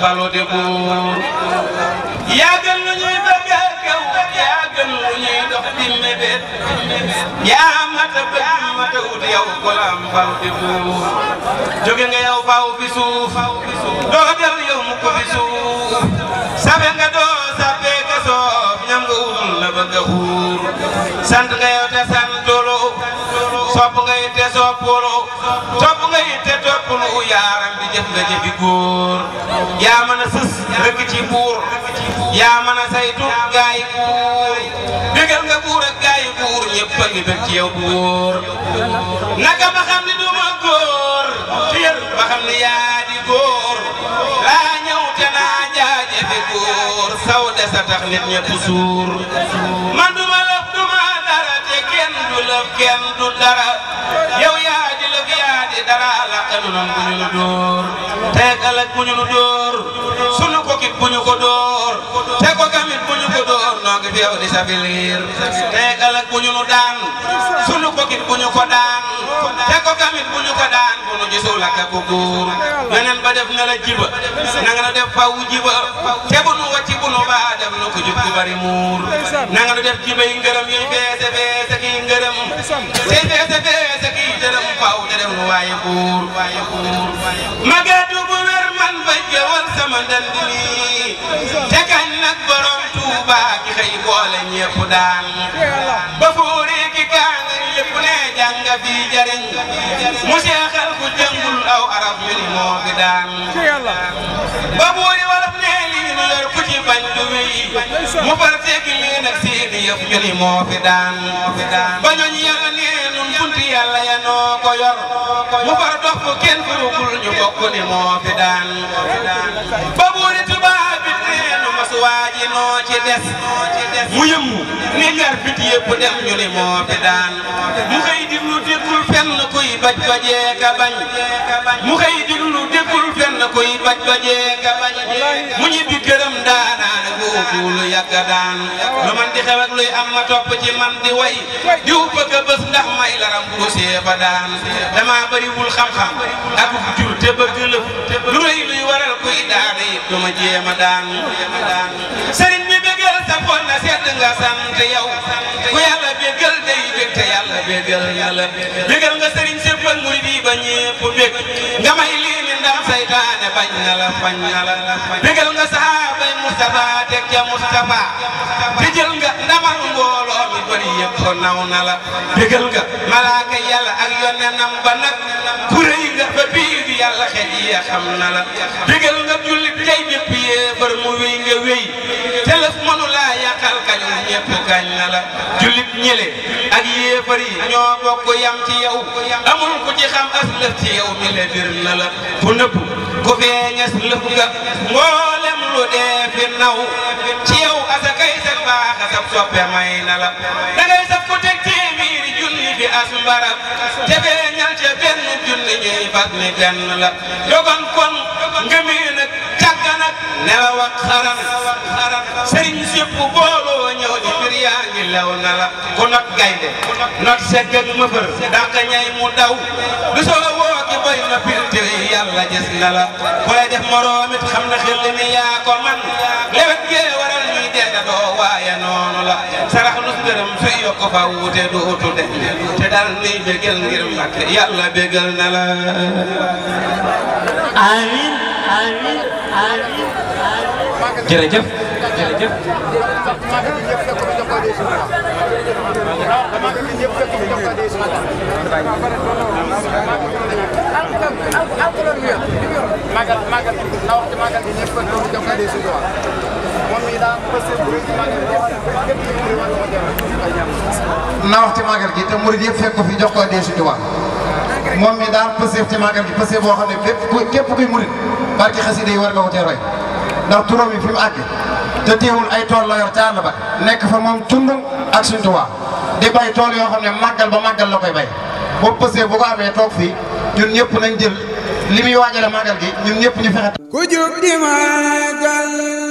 falu di buur yaa gën lu ñuy bëgg a kaw yaa gën lu ñuy dox di mébét yaa mat a bëgg mat a wut yow golaam falu di buur jóge nga yow faw bi suuf doo def yow mukk bi suuf sabe nga doo sabe nga soof ñam nga wutul la bëgg a xuur sant nga yow te santulu sopp nga yow te soppulu topp nga itte topp nu yaaram bi jëf nga jëfi góor yaa mën a sës rëkk ci buur yaa mën a saytu gaay buur bégal nga buur ak gaay buur ñëpp a bëgg ci yow buur naka ba xam ni duma góor fiir ba xam ni yaa di góor laa ñëw te naa jaajëfe góor saw desa tax nit ñëpp suur man duma lëf duma dara te kenn du lëf kenn du dara teeg ëllëg mu ñu lu dóor teeg ëllëg mu ñu lu dóor bokkit bu ñu ko door te ko gamit bu ñu ko door noo ngi fi aw di te ëllëg bu ñu nu daan sunu bokkit bu ñu ko daan te ko gamit bu ñu ko daan bu nu gisul ak ko góor beneen ba def na la jiba nanga nu def faw jiba te bu nu wàcci bu baa def nu ko jub ku def nu waaye buur waaye buur magee du bu wér man ba jëwal sama dand nii te kañ nag borom Touba ki xëy ba fuure ki kaan yëpp ne jàng fi jariñ ni moo fi daan ba buuri warab ku ci bañ du wéy mu far tekki lii nag seeni yëpp ñu ni moo fi daan nun bunti yàlla ya noo far dox kenn burugul ñu bokk ni moo fi daan waa ji noo ci des mu yëngu ni ngar bit yëpp dem ñu ni moo fi daan mu xëy diglu déggul fenn kuy baj bajee ka bañ mu xëy diglu déggul fenn kuy baj bajee ka mu ñibbi gërëm daanaan googu lu yàgg daan lu man di xew ak luy am ma topp ci man di way diw bëgg a bës ndax may laram bu see ba daan dama bariwul xam-xam ak jur te lu rëy luy waral kuy du ma jéem a daan sëriñ bi bégal sa fon na sedd nga sant yow ku yàlla bégal day bég te yàlla bégal na la bégal nga sëriñ séppal muy di ba ñépp bég nga ndam saytaane bañ na bañ na la nga saabay Mustafa teg ca Mustafa te jël nga ndamal mbooloo bari yëpp naw na la bégal nga malaaka yàlla ak yonenam ba nag ku rëy nga ba biir yàlla xel yi xam na la nga jullit tey bépp yéebar mu wéy nga wéy telef mënu laa yàqal kañ ñëpp kañ na la jullit ñële ak yéebar yi ñoo bokk yam ci yow amul ku ci xam as lëf ci yow mi la bir na la ku nëpp ku feeñas lëf nga mboolem lu dee fi naw sab soppe may na la da ngay sab ko teg téeméeri junni di as mbarab te bee ñal ca benn junni ñuy fat ni benn la dogon kon ngëmee nag ne la wax xaran sëriñ sépp booloo ñëw di mbir ngi lew na la ku not gaynde not segg ak mëfër dàq ñay mu daw du solo woo ki bay na piltir yàlla gis na la ku lay def moroomit xam na xel ni yaa ko man lewet gee la sarax lu ngërëm sooy yokk fa wuute du utu de te daal nuy bégal ngir Mbàkke yàlla bégal na la amiin amiin amiin jërëjëf jërëjëf magal magal na wax ci magal bi ñëpp fekk na wax ci màggal gi te murid yëpp fekk ko fi jox ko dee suñu moom mi daal pëseef ci màggal gi pëseef boo xam ne bépp ku képp kuy murid barki yi war nga ko ndax turam yi fi te teewul ay tool la yor caar nekk fa moom tund ak suñu tubaab di bay tool yoo xam ne màggal ba màggal la koy bay boobu pëseef bu ko amee toog fii ñun ñëpp nañ jël li muy waajale màggal gi ñun ñëpp ñu fexe. ku jub di màggal.